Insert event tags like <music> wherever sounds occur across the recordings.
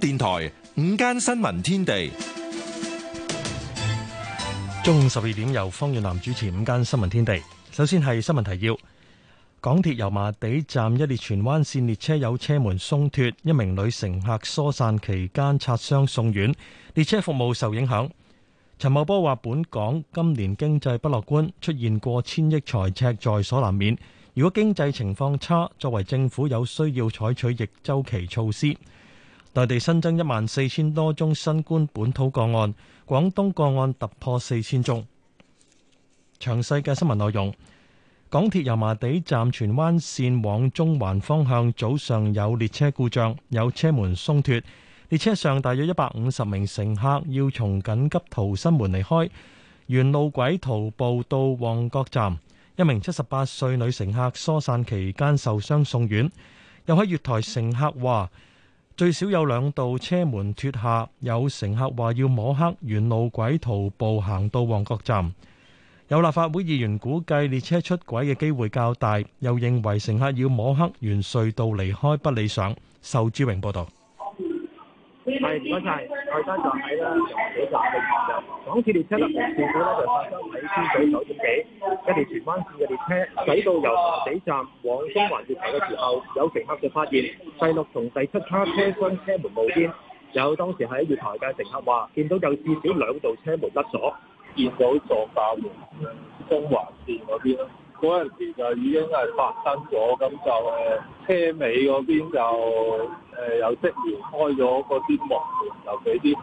電台午間新聞天地，中午十二點由方遠南主持午間新聞天地。首先係新聞提要：港鐵油麻地站一列荃灣綫列車有車門鬆脫，一名女乘客疏散期間擦傷送院，列車服務受影響。陳茂波話：本港今年經濟不樂觀，出現過千億財赤在所難免。如果經濟情況差，作為政府有需要採取逆周期措施。內地新增一萬四千多宗新冠本土個案，廣東個案突破四千宗。詳細嘅新聞內容，港鐵油麻地站荃灣線往中環方向早上有列車故障，有車門鬆脫，列車上大約一百五十名乘客要從緊急逃生門離開，沿路軌徒步到旺角站。一名七十八歲女乘客疏散期間受傷送院，又喺月台乘客話。最少有兩度車門脱下，有乘客話要摸黑沿路軌徒步行到旺角站。有立法會議員估計列車出軌嘅機會較大，又認為乘客要摸黑沿隧道離開不理想。仇志榮報道。係唔該曬，我而家就喺啦，黃埔站嘅現場，港鐵列車嘅事故咧就發生喺天水圍九點幾，一列荃灣線嘅列車駛到由黃埔站往中環月台嘅時候，有乘客就發現第六同第七卡車窗車門冒煙，有當時喺月台嘅乘客話見到有至少兩道車門甩咗，見到撞爆門嘅中環線嗰邊啦，嗰陣時就已經係發生咗，咁就誒車尾嗰邊就。誒有職員開咗嗰啲門,門就些就，又俾啲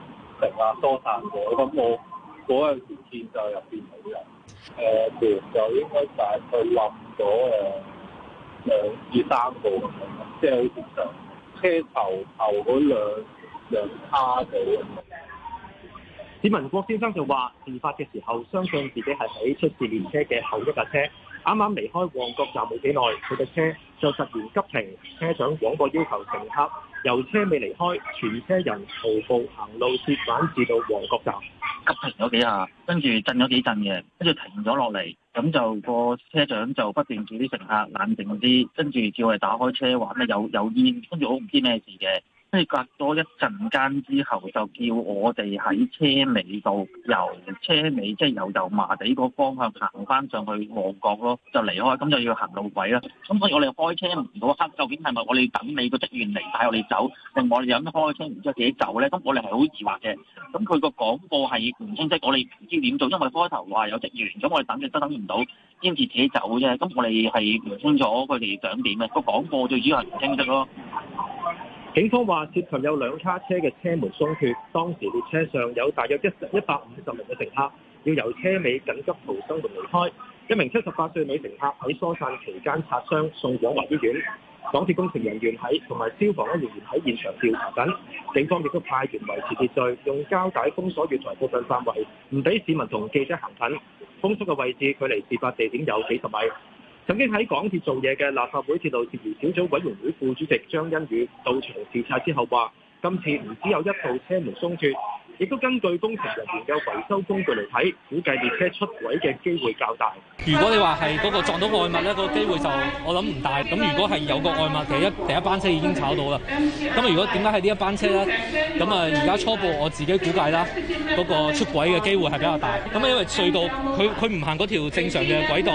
乘客疏散咗。咁我嗰陣時見就入面冇人。誒門就應該大概冧咗誒兩至三個，即係好正常。車頭頭嗰兩兩叉地。市民郭先生就話：，事發嘅時候，相信自己係喺出事列車嘅後一架車，啱啱離開旺角站冇幾耐，佢嘅車就突然急停，車長廣播要求乘客。由車未離開，全車人徒步行路，涉走至到旺角站，急停咗幾下，跟住震咗幾震嘅，跟住停咗落嚟，咁就個車長就不斷叫啲乘客冷靜啲，跟住叫我哋打開車玩，咩有有煙，跟住我唔知咩事嘅。即係隔多一陣間之後，就叫我哋喺車尾度由車尾，即係由油麻地個方向行翻上去旺角咯，就離開。咁就要行路鬼啦。咁所以我哋開車門嗰刻，究竟係咪我哋等你個職員嚟帶我哋走，定我哋有咩開車門之後自己走咧？咁我哋係好疑惑嘅。咁佢個廣播係唔清晰，我哋唔知點做，因為開頭話有職員，咁我哋等亦都等唔到，先至自己走啫。咁我哋係唔清楚佢哋想點嘅。個廣播最主要係唔清晰咯。警方話，涉及有兩卡車嘅車門鬆脱，當時列車上有大約一一百五十名嘅乘客，要由車尾緊急逃生門離開。一名七十八歲女乘客喺疏散期間擦傷，送往華醫院。港鐵工程人員喺同埋消防人員喺員現場調查緊，警方亦都派員維持秩序，用膠帶封鎖月台部分範圍，唔俾市民同記者行近。封鎖嘅位置距離事發地點有幾十米。曾經喺港鐵做嘢嘅立法會鐵路協調小組委員會副主席張欣宇到場調查之後話，今次唔只有一部車門鬆脫。亦都根據工程人員嘅維修工具嚟睇，估計列車出軌嘅機會較大。如果你話係嗰個撞到外物咧，個機會就我諗唔大。咁如果係有個外物，其實一第一班車已經炒到啦。咁啊，如果點解係呢一班車咧？咁啊，而家初步我自己估計啦，嗰個出軌嘅機會係比較大。咁啊，因為隧道佢佢唔行嗰條正常嘅軌道，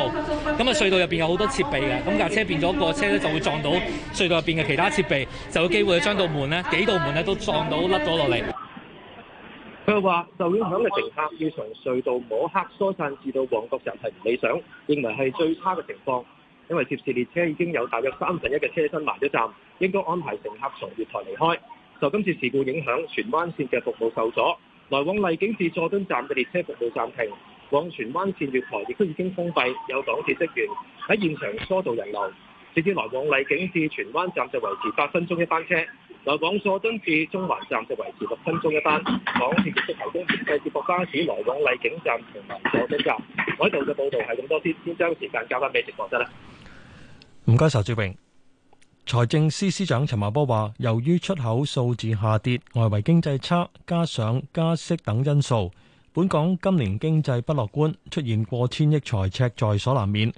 咁啊隧道入面有好多設備嘅，咁架車變咗個車咧就會撞到隧道入面嘅其他設備，就有機會將道門咧幾道門咧都撞到甩咗落嚟。佢又話受影響嘅乘客要從隧道摸黑疏散至到旺角站係唔理想，認為係最差嘅情況，因為涉事列車已經有大約三分一嘅車身埋咗站，應該安排乘客從月台離開。受今次事故影響，荃灣線嘅服務受阻，來往荔景至佐敦站嘅列車服務暫停，往荃灣線月台亦都已經封閉，有港鐵職員喺現場疏導人流，直至來往荔景至荃灣站就維持八分鐘一班車。來往佐敦至中環站就維持六分鐘一班。港鐵結束投工前，接駁巴士來往麗景站同埋佐敦站。我喺度嘅報道係咁多啲，先將時間交翻俾直播室啦。唔該，仇志榮。財政司司長陳茂波話，由於出口數字下跌，外圍經濟差，加上加息等因素，本港今年經濟不樂觀，出現過千億財赤在所難免。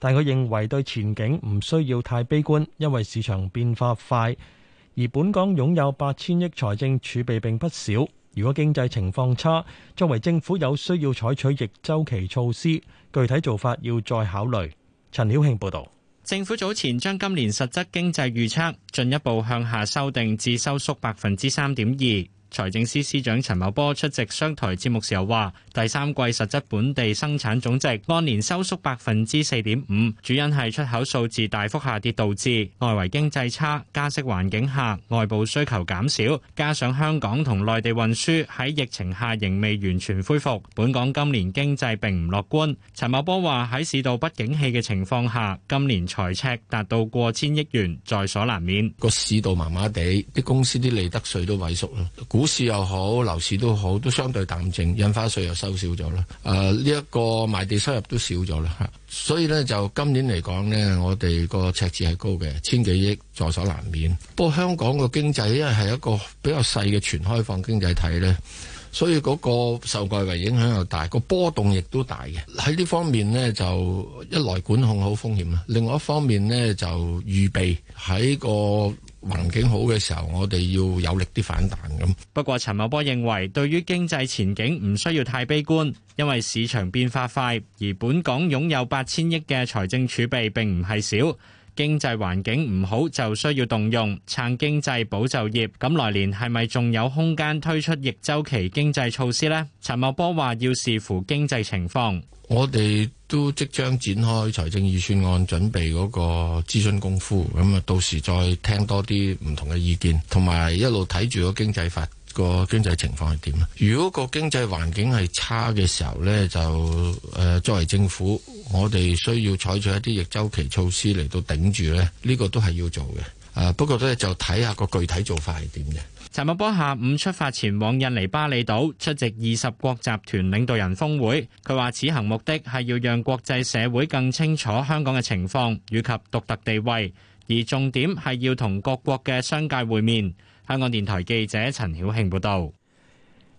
但係佢認為對前景唔需要太悲觀，因為市場變化快。而本港擁有八千億財政儲備並不少，如果經濟情況差，作為政府有需要採取逆週期措施，具體做法要再考慮。陳曉慶報導，政府早前將今年實質經濟預測進一步向下修訂至收縮百分之三點二。財政司司長陳茂波出席商台節目時又話，第三季實質本地生產總值按年收縮百分之四點五，主因係出口數字大幅下跌導致，外圍經濟差，加息環境下外部需求減少，加上香港同內地運輸喺疫情下仍未完全恢復，本港今年經濟並唔樂觀。陳茂波話喺市道不景氣嘅情況下，今年財赤達到過千億元在所難免。個市道麻麻地，啲公司啲利得稅都萎縮。股市又好，樓市都好，都相對淡靜，印花稅又收少咗啦。誒、呃，呢、這、一個賣地收入都少咗啦。所以呢，就今年嚟講呢，我哋個赤字係高嘅，千幾億在所難免。不過香港個經濟因為係一個比較細嘅全開放經濟體呢，所以嗰個受外圍影響又大，個波動亦都大嘅。喺呢方面呢，就一來管控好風險啦，另外一方面呢，就預備喺個。環境好嘅時候，我哋要有力啲反彈咁。不過，陳茂波認為對於經濟前景唔需要太悲觀，因為市場變化快，而本港擁有八千億嘅財政儲備並唔係少。經濟環境唔好就需要動用撐經濟保就業，咁來年係咪仲有空間推出逆周期經濟措施呢？陳茂波話：要視乎經濟情況。我哋都即將展開財政預算案準備嗰個諮詢功夫，咁啊到時再聽多啲唔同嘅意見，同埋一路睇住個經濟法個經濟情況係點啊！如果個經濟環境係差嘅時候呢，就誒、呃、作為政府。我哋需要採取一啲逆周期措施嚟到頂住咧，呢個都係要做嘅。誒，不過咧就睇下個具體做法係點嘅。陳茂波下午出發前往印尼巴厘島出席二十國集團領導人峰會，佢話此行目的係要讓國際社會更清楚香港嘅情況以及獨特地位，而重點係要同各國嘅商界會面。香港電台記者陳曉慶報道。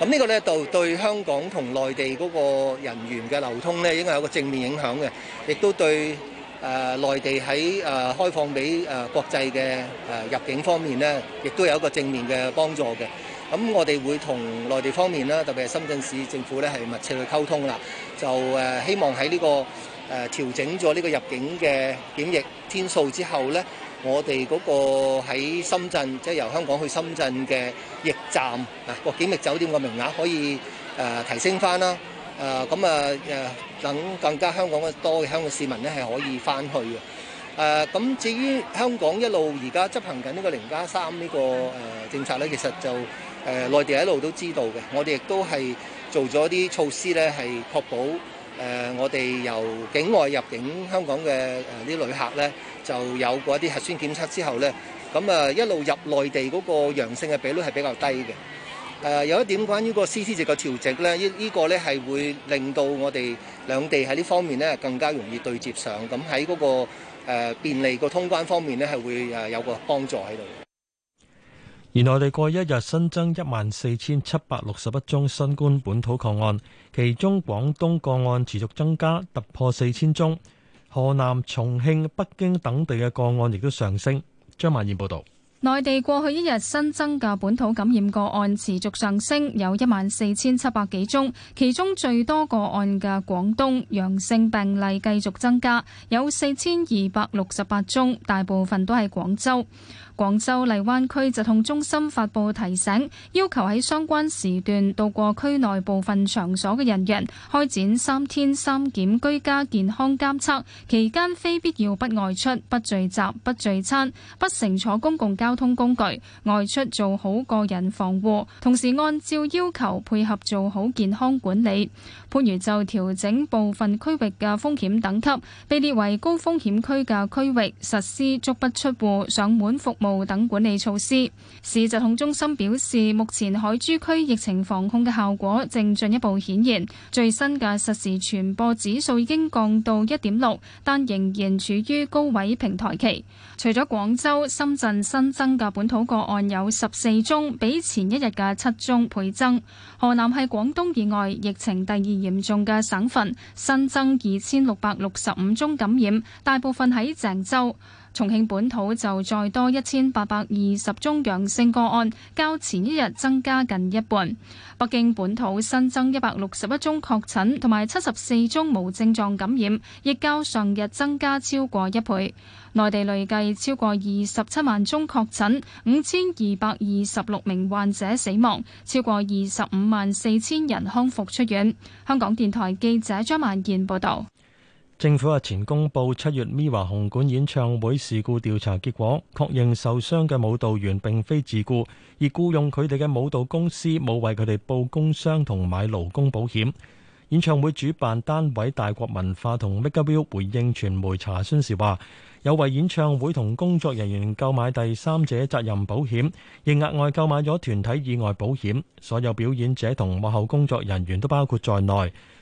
咁呢個呢就對香港同內地嗰個人員嘅流通呢應該有個正面影響嘅，亦都對誒內地喺誒開放俾誒國際嘅誒入境方面呢，亦都有一個正面嘅幫助嘅。咁我哋會同內地方面啦，特別係深圳市政府呢係密切去溝通啦，就誒希望喺呢個誒調整咗呢個入境嘅檢疫天數之後呢，我哋嗰個喺深圳，即係由香港去深圳嘅驛站啊，個景逸酒店嘅名額可以誒提升翻啦，誒咁啊誒等更加香港嘅多嘅香港市民咧係可以翻去嘅，誒咁至於香港一路而家執行緊呢個零加三呢個誒政策咧，其實就誒內地一路都知道嘅，我哋亦都係做咗啲措施咧係確保。誒，我哋由境外入境香港嘅誒啲旅客咧，就有過一啲核酸檢測之後咧，咁啊一路入內地嗰個陽性嘅比率係比較低嘅。誒，有一點關於個 CT 值嘅調整咧，呢呢個咧係會令到我哋兩地喺呢方面咧更加容易對接上，咁喺嗰個誒便利個通關方面咧係會誒有個幫助喺度。而內地過一日新增一萬四千七百六十一宗新冠本土個案，其中廣東個案持續增加，突破四千宗；河南、重慶、北京等地嘅個案亦都上升。張萬燕報道，內地過去一日新增嘅本土感染個案持續上升，有一萬四千七百幾宗，其中最多個案嘅廣東陽性病例繼續增加，有四千二百六十八宗，大部分都喺廣州。廣州荔灣區疾控中心發佈提醒，要求喺相關時段到過區內部分場所嘅人員，開展三天三檢居家健康監測，期間非必要不外出、不聚集、不聚餐、不乘坐公共交通工具，外出做好個人防護，同時按照要求配合做好健康管理。番禺就調整部分區域嘅風險等級，被列為高風險區嘅區域實施足不出戶、上門服務、等管理措施，市疾控中心表示，目前海珠區疫情防控嘅效果正進一步顯現，最新嘅實時傳播指數已經降到一點六，但仍然處於高位平台期。除咗廣州、深圳新增嘅本土個案有十四宗，比前一日嘅七宗倍增。河南係廣東以外疫情第二嚴重嘅省份，新增二千六百六十五宗感染，大部分喺鄭州。重慶本土就再多一千八百二十宗陽性個案，較前一日增加近一半。北京本土新增一百六十一宗確診，同埋七十四宗無症狀感染，亦較上日增加超過一倍。內地累計超過二十七萬宗確診，五千二百二十六名患者死亡，超過二十五萬四千人康復出院。香港電台記者張萬健報導。政府日前公布七月 MIRROR 紅館演唱會事故調查結果，確認受傷嘅舞蹈員並非自僱，而僱用佢哋嘅舞蹈公司冇為佢哋報工傷同買勞工保險。演唱會主辦單位大國文化同 MakerVille 回應傳媒查詢時話，有為演唱會同工作人員購買第三者責任保險，亦額外購買咗團體意外保險，所有表演者同幕後工作人員都包括在內。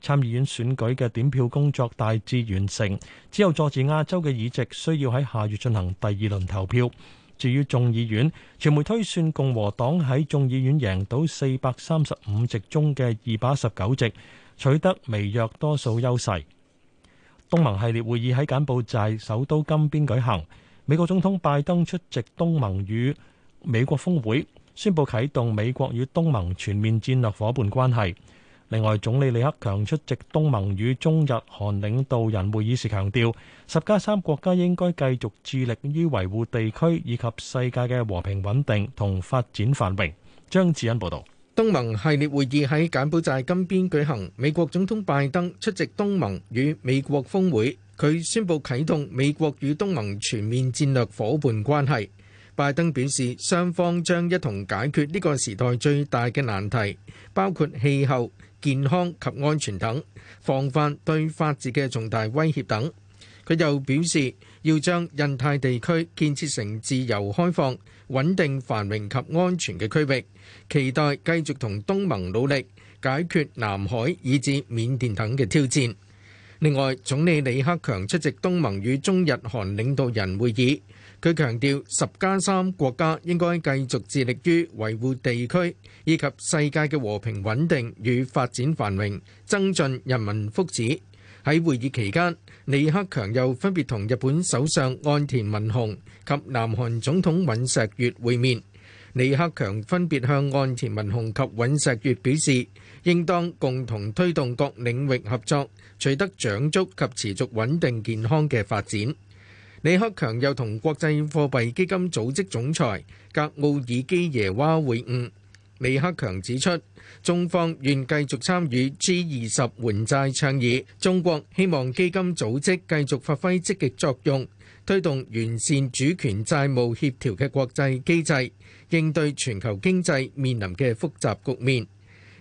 參議院選舉嘅點票工作大致完成，只有佐治亞州嘅議席需要喺下月進行第二輪投票。至於眾議院，傳媒推算共和黨喺眾議院贏到四百三十五席中嘅二百一十九席，取得微弱多數優勢。東盟系列會議喺柬埔寨首都金邊舉行，美國總統拜登出席東盟與美國峰會，宣布啟動美國與東盟全面戰略夥伴關係。另外，總理李克強出席東盟與中日韓領導人會議時強調，十加三國家應該繼續致力於維護地區以及世界嘅和平穩定同發展繁榮。張智恩報道，東盟系列會議喺柬埔寨金邊舉行，美國總統拜登出席東盟與美國峰會，佢宣布啟動美國與東盟全面戰略伙伴關係。拜登表示，雙方將一同解決呢個時代最大嘅難題，包括氣候，健康及安全等，防範對法治嘅重大威脅等。佢又表示要將印太地區建設成自由、開放、穩定、繁榮及安全嘅區域，期待繼續同東盟努力解決南海以至緬甸等嘅挑戰。另外，總理李克強出席東盟與中日韓領導人會議。佢強調，十加三國家應該繼續致力於維護地區以及世界嘅和平穩定與發展繁榮，增進人民福祉。喺會議期間，李克強又分別同日本首相岸田文雄及南韓總統尹錫悦會面。李克強分別向岸田文雄及尹錫悦表示，應當共同推動各領域合作，取得長足及持續穩定健康嘅發展。李克強又同國際貨幣基金組織總裁格奧爾基耶娃會晤。李克強指出，中方願繼續參與 G 二十援債倡議。中國希望基金組織繼續發揮積極作用，推動完善主權債務協調嘅國際機制，應對全球經濟面臨嘅複雜局面。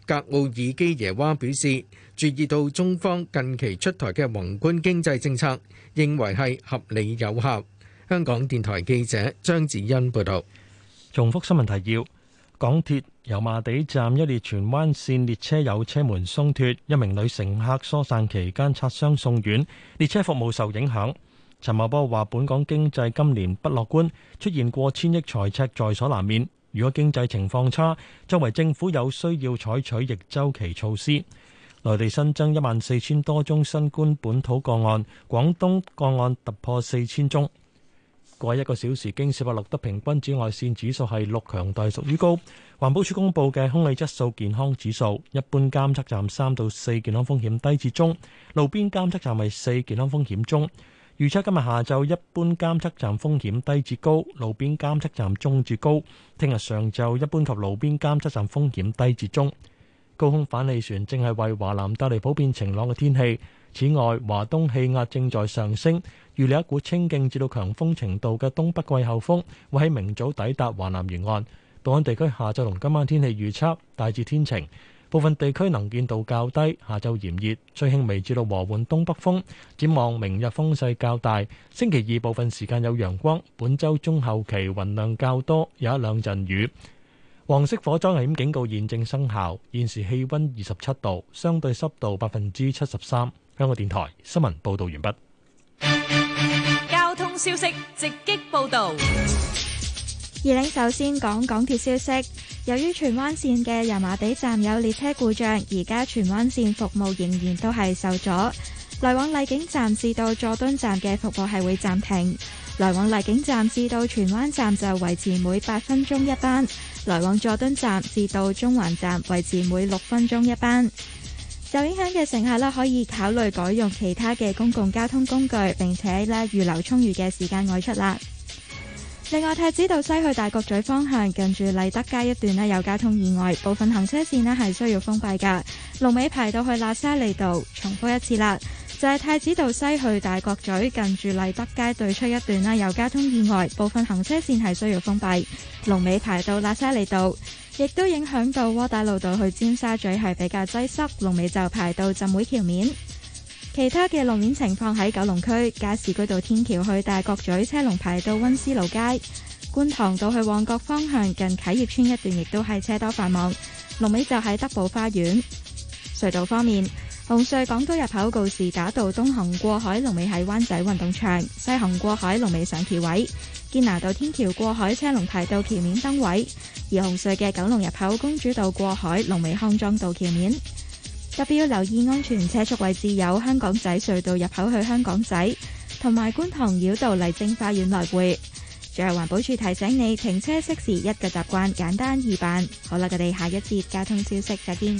格奧爾基耶娃表示，注意到中方近期出台嘅宏觀經濟政策，認為係合理有效。香港電台記者張子欣報道。重複新聞提要：港鐵油麻地站一列荃灣綫列車有車門鬆脫，一名女乘客疏散期間擦傷送院，列車服務受影響。陳茂波話：本港經濟今年不樂觀，出現過千億財赤在所難免。如果經濟情況差，作為政府有需要採取逆周期措施。內地新增一萬四千多宗新冠本土個案，廣東個案突破四千宗。過一個小時，京士柏錄得平均紫外線指數係六，強度屬於高。環保署公布嘅空氣質素健康指數，一般監測站三到四，健康風險低至中，路邊監測站係四，健康風險中。預測今日下晝一般監測站風險低至高，路邊監測站中至高。聽日上晝一般及路邊監測站風險低至中。高空反氣旋正係為華南帶嚟普遍晴朗嘅天氣。此外，華東氣壓正在上升，預料一股清勁至到強風程度嘅東北季候風會喺明早抵達華南沿岸。本港地區下晝同今晚天氣預測大致天晴，部分地區能見度較低，下晝炎熱，吹輕微至到和緩東北風。展望明日風勢較大，星期二部分時間有陽光。本周中後期雲量較多，有一兩陣雨。黃色火災危險警告現正生效，現時氣溫二十七度，相對濕度百分之七十三。香港電台新聞報道完畢。交通消息直擊報道。二零首先講港鐵消息，由於荃灣綫嘅油麻地站有列車故障，而家荃灣綫服務仍然都係受阻，來往荔景站至到佐敦站嘅服務係會暫停。來往麗景站至到荃灣站就維持每八分鐘一班，來往佐敦站至到中環站維持每六分鐘一班。受影響嘅乘客可以考慮改用其他嘅公共交通工具，並且咧預留充裕嘅時間外出啦。另外，太子道西去大角咀方向近住麗德街一段有交通意外，部分行車線咧係需要封閉噶。龍尾排到去喇沙利道，重複一次啦。就係太子道西去大角咀近住麗北街對出一段啦，有交通意外，部分行車線係需要封閉。龍尾排到喇沙利道，亦都影響到窩打老道去尖沙咀係比較擠塞，龍尾就排到浸會橋面。其他嘅路面情況喺九龍區，加士居道天橋去大角咀車龍排到溫斯路街，觀塘道去旺角方向近啟業邨一段亦都係車多繁忙，龍尾就喺德寶花園。隧道方面。紅隧港島入口告士打道東行過海龍尾喺灣仔運動場，西行過海龍尾上橋位，堅拿道天橋過海車龍排到橋面燈位。而紅隧嘅九龍入口公主道過海龍尾康莊道橋面。特別要留意安全車速位置有香港仔隧道入口去香港仔，同埋觀塘繞道麗晶花園來回。最後環保署提醒你停車熄匙一個習慣，簡單易辦。好啦，我哋下一節交通消息再見。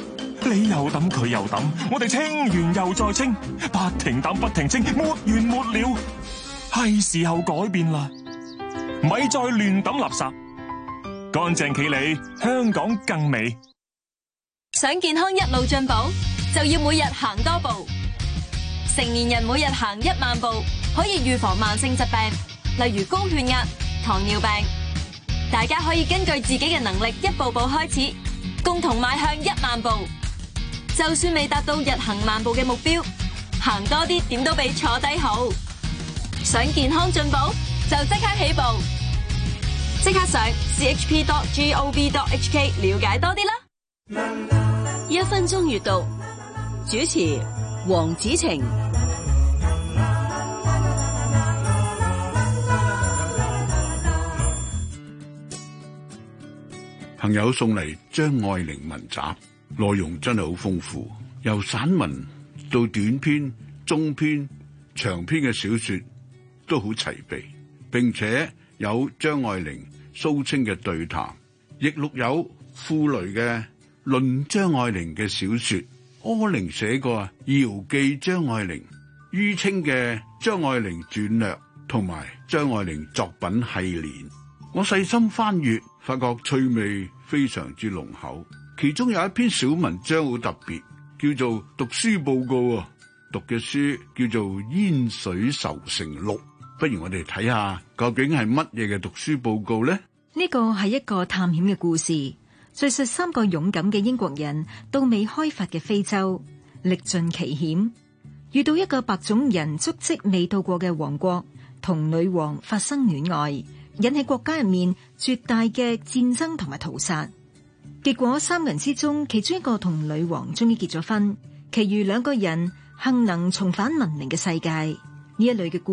你又抌，佢又抌，我哋清完又再清，不停抌不停清，沒完沒了。係時候改變啦，咪再亂抌垃圾，乾淨企理，香港更美。想健康一路進步，就要每日行多步。成年人每日行一萬步，可以預防慢性疾病，例如高血壓、糖尿病。大家可以根據自己嘅能力，一步步開始，共同邁向一萬步。就算未達到日行萬步嘅目標，行多啲點都比坐低好。想健康進步，就即刻起步，即刻上 chp.gov.hk 了解多啲啦。 <music> 一分鐘閱讀，主持黃子晴， <music> 朋友送嚟張愛玲文集。內容真係好豐富，由散文到短篇、中篇、長篇嘅小說都好齊備，並且有張愛玲蘇青的對、蘇青嘅對談，亦錄有傅雷嘅論張愛玲嘅小說。柯靈寫過《遙記張愛玲》，于青嘅《張愛玲傳略》同埋《張愛玲作品系列》，我細心翻閱，發覺趣味非常之濃厚。其中有一篇小文章好特別，叫做《讀書報告》啊，讀嘅書叫做《煙水愁城錄》。不如我哋睇下究竟係乜嘢嘅讀書報告咧？呢個係一個探險嘅故事，敘述三個勇敢嘅英國人到未開發嘅非洲，歷盡奇險，遇到一個白種人足跡未到過嘅王國，同女王發生戀愛，引起國家入面絕大嘅戰爭同埋屠殺。結果三人之中，其中一個同女王終於結咗婚，其餘兩個人幸能重返文明嘅世界。呢一類嘅故事。